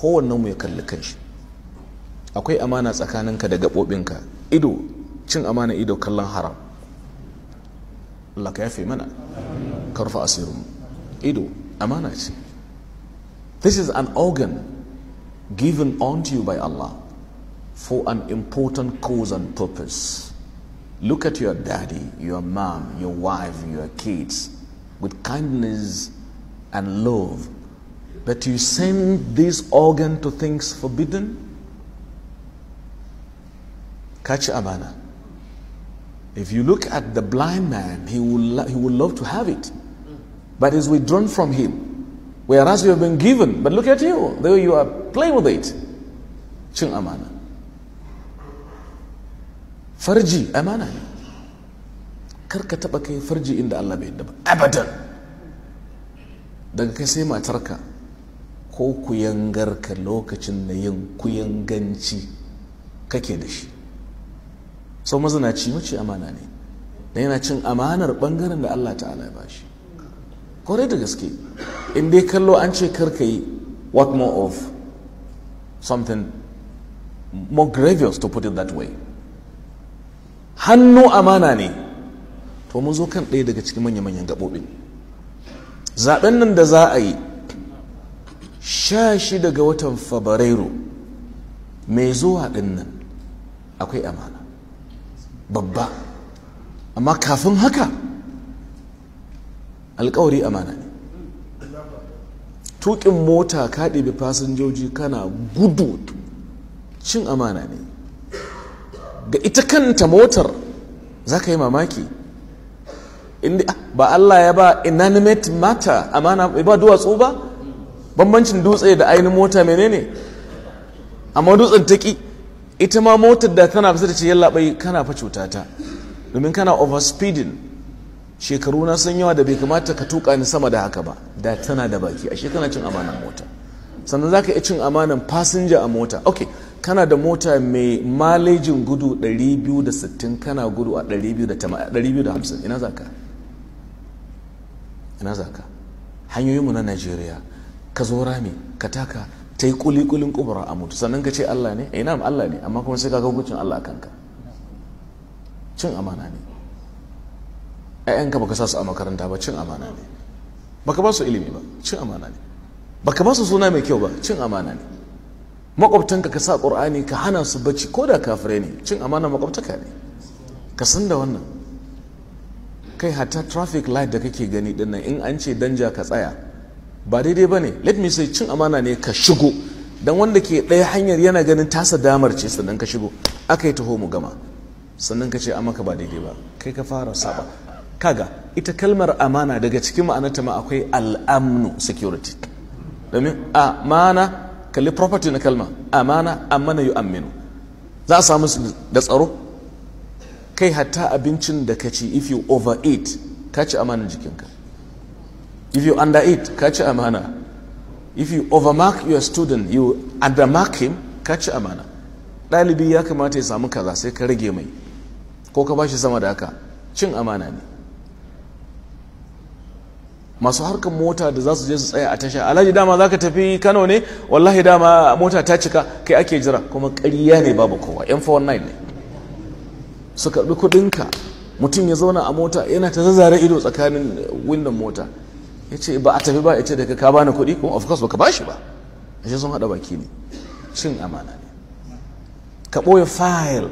kowannen ya kalli kanshi akwai amana tsakaninka da gaɓoɓinka ido cin amana ido kallon haram Allah ka yafe mana ka rufe asirin ido amana ce this is an organ given unto you by Allah for an important cause and purpose look at your daddy your mom your wife your kids with kindness and love but you send this organ to things forbidden? Catch amana. If you look at the blind man, he will, he will love to have it, but it's withdrawn from him. Whereas you have been given, but look at you, the way you are playing with it. Chin amana. Farji amana. Kar ka taɓa inda Allah Abadan. Daga kai sai ko ka lokacin da yin kuyanganci kake da shi sau ci mace amana ne da yana cin amanar bangaren da Allah ta'ala ya bashi kwarai da gaske in dai kallo an ce karka yi what more of something more grievous to put it that way hannu amana ne to mu zo kan ɗaya daga cikin manya-manyan gaɓoɓin zaɓen nan da za a yi sha shi daga watan fabrairu mai zuwa dinnan akwai amana babba amma kafin haka alkawari amana ne tukin mota ka ɗibi fasinjoji kana gudu cin amana ne ga ita kanta motar za ka yi mamaki ah, ba Allah ya ba inanimate matter amana ba duwatsu ba bambancin dutse da ainihin mota menene amma dutsen taki ita ma motar da tana fasa da ce yalla bai kana fa cuta ta domin kana overspeeding shekaru na sun yawa da bai kamata ka tuka ni sama da haka ba da tana da baki ashe kana cin amanan mota sannan zaka iya cin amanan fasinja a mota okay kana da mota mai malejin gudu 260 kana gudu a 250 ina zaka ina zaka hanyoyinmu na Najeriya ka zo rami ka taka ta yi kulikulin kubura a mutu sannan ka ce Allah ne eh na'am Allah ne amma kuma sai ka gaggucin hukuncin Allah a kanka cin amana ne ba baka sa su a makaranta ba cin amana ne baka ba su ilimi ba cin amana ne baka ba su suna mai kyau ba cin amana ne makwabtanka ka sa ƙur'ani ka hana su bacci ko da kafirai ne cin amana makwabtaka ne ka san da wannan kai hatta traffic light da kake gani dinnan in an ce danja ka tsaya ba daidai ba ne let me say cin amana ne ka shigo don wanda ke ɗaya hanyar yana ganin tasa damar ce sannan ka shigo aka yi taho mu gama sannan ka ce a maka ba daidai ba kai ka fara saba kaga ita kalmar amana daga cikin ma'anarta ma akwai al'amnu security domin amana kalli property na kalma amana amana yu aminu za a samu da tsaro kai hatta abincin da ka ci if you overeat ka ci amanar jikinka If you under it catch amana. If you overmark your student, you undermark him, catch amana. Ɗalibi ya kamata ya samu kaza sai ka rage mai, ko ka bashi sama da haka, cin amana ne. Masu harkar mota da za su je su tsaya a tasha, alhaji dama za ka tafi Kano ne, wallahi dama mota ta cika, kai ake jira, kuma ƙarya ne babu kowa, yan 419 ne. Su karɓi kuɗinka, mutum ya zauna a mota yana ta zazzare ido tsakanin windon mota. ya ce ba a tafi ba ya ce daga ka bani kuɗi kuma of course baka bashi ba shi sun haɗa baki ne cin amana ne ka ɓoye fayil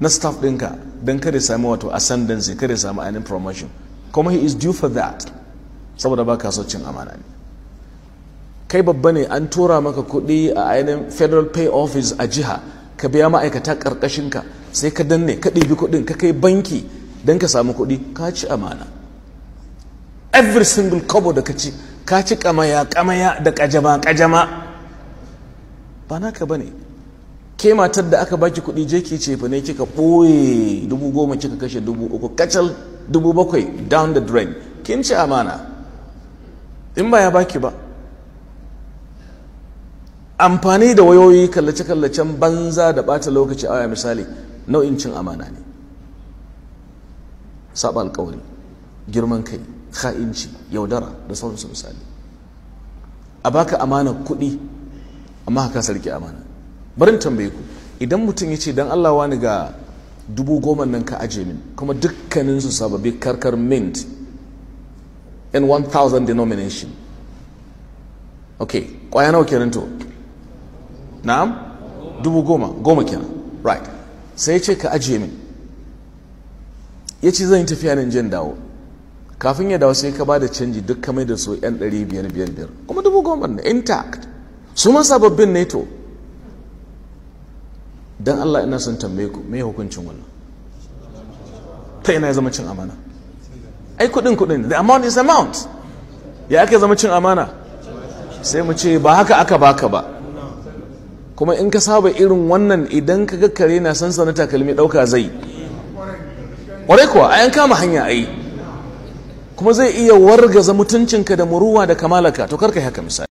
na staff ɗinka don kada sami wato ascendancy kada sami ainihin promotion kuma he is due for that saboda ba ka so cin amana ne kai babba ne an tura maka kuɗi a ainihin federal pay office a jiha ka biya ma'aikata ƙarƙashinka sai ka danne ka ɗibi kuɗin ka kai banki don ka samu kuɗi ka ci amana every single kobo da ka ci ka ci kamaya kamaya da kajama kajama ba naka ba ne ke matar da aka baki kuɗi je ke ce fa ne kika ɓoye dubu goma kika kashe dubu uku kacal dubu bakwai down the drain kin ci amana in ba ya baki ba amfani da wayoyi kallace-kallacen banza da bata lokaci aya misali nau'in cin amana ne saɓa alkawari girman kai kha'inci yaudara da sauransu misali a baka amana kuɗi amma haka sarki amana barin tambaye ku idan mutum ya ce don Allah wani ga dubu goma nan ka aje min kuma dukkanin su sababi karkar mint in 1000 denomination okay kwaya nawa kenan to na'am dubu goma goma kenan right sai ya ce ka aje min ya ce zan yi tafiya nan jin dawo kafin ya dawo sai ka bada canji duk kamar da su yan ɗari biyar biyar biyar kuma dubu goma na intact su ma sababbin ne to Allah ina son tambaye ku me hukuncin wannan ta ina ya zama cin amana ai kuɗin kudin the amount is amount ya ake zama cin amana sai mu ce ba haka aka baka ba kuma in ka saba irin wannan idan ka gakkare na san sana takalmi ɗauka zai ƙwarai kuwa a yan kama hanya a yi kuma zai iya wargaza mutuncinka da muruwa da kamalaka to karka haka misali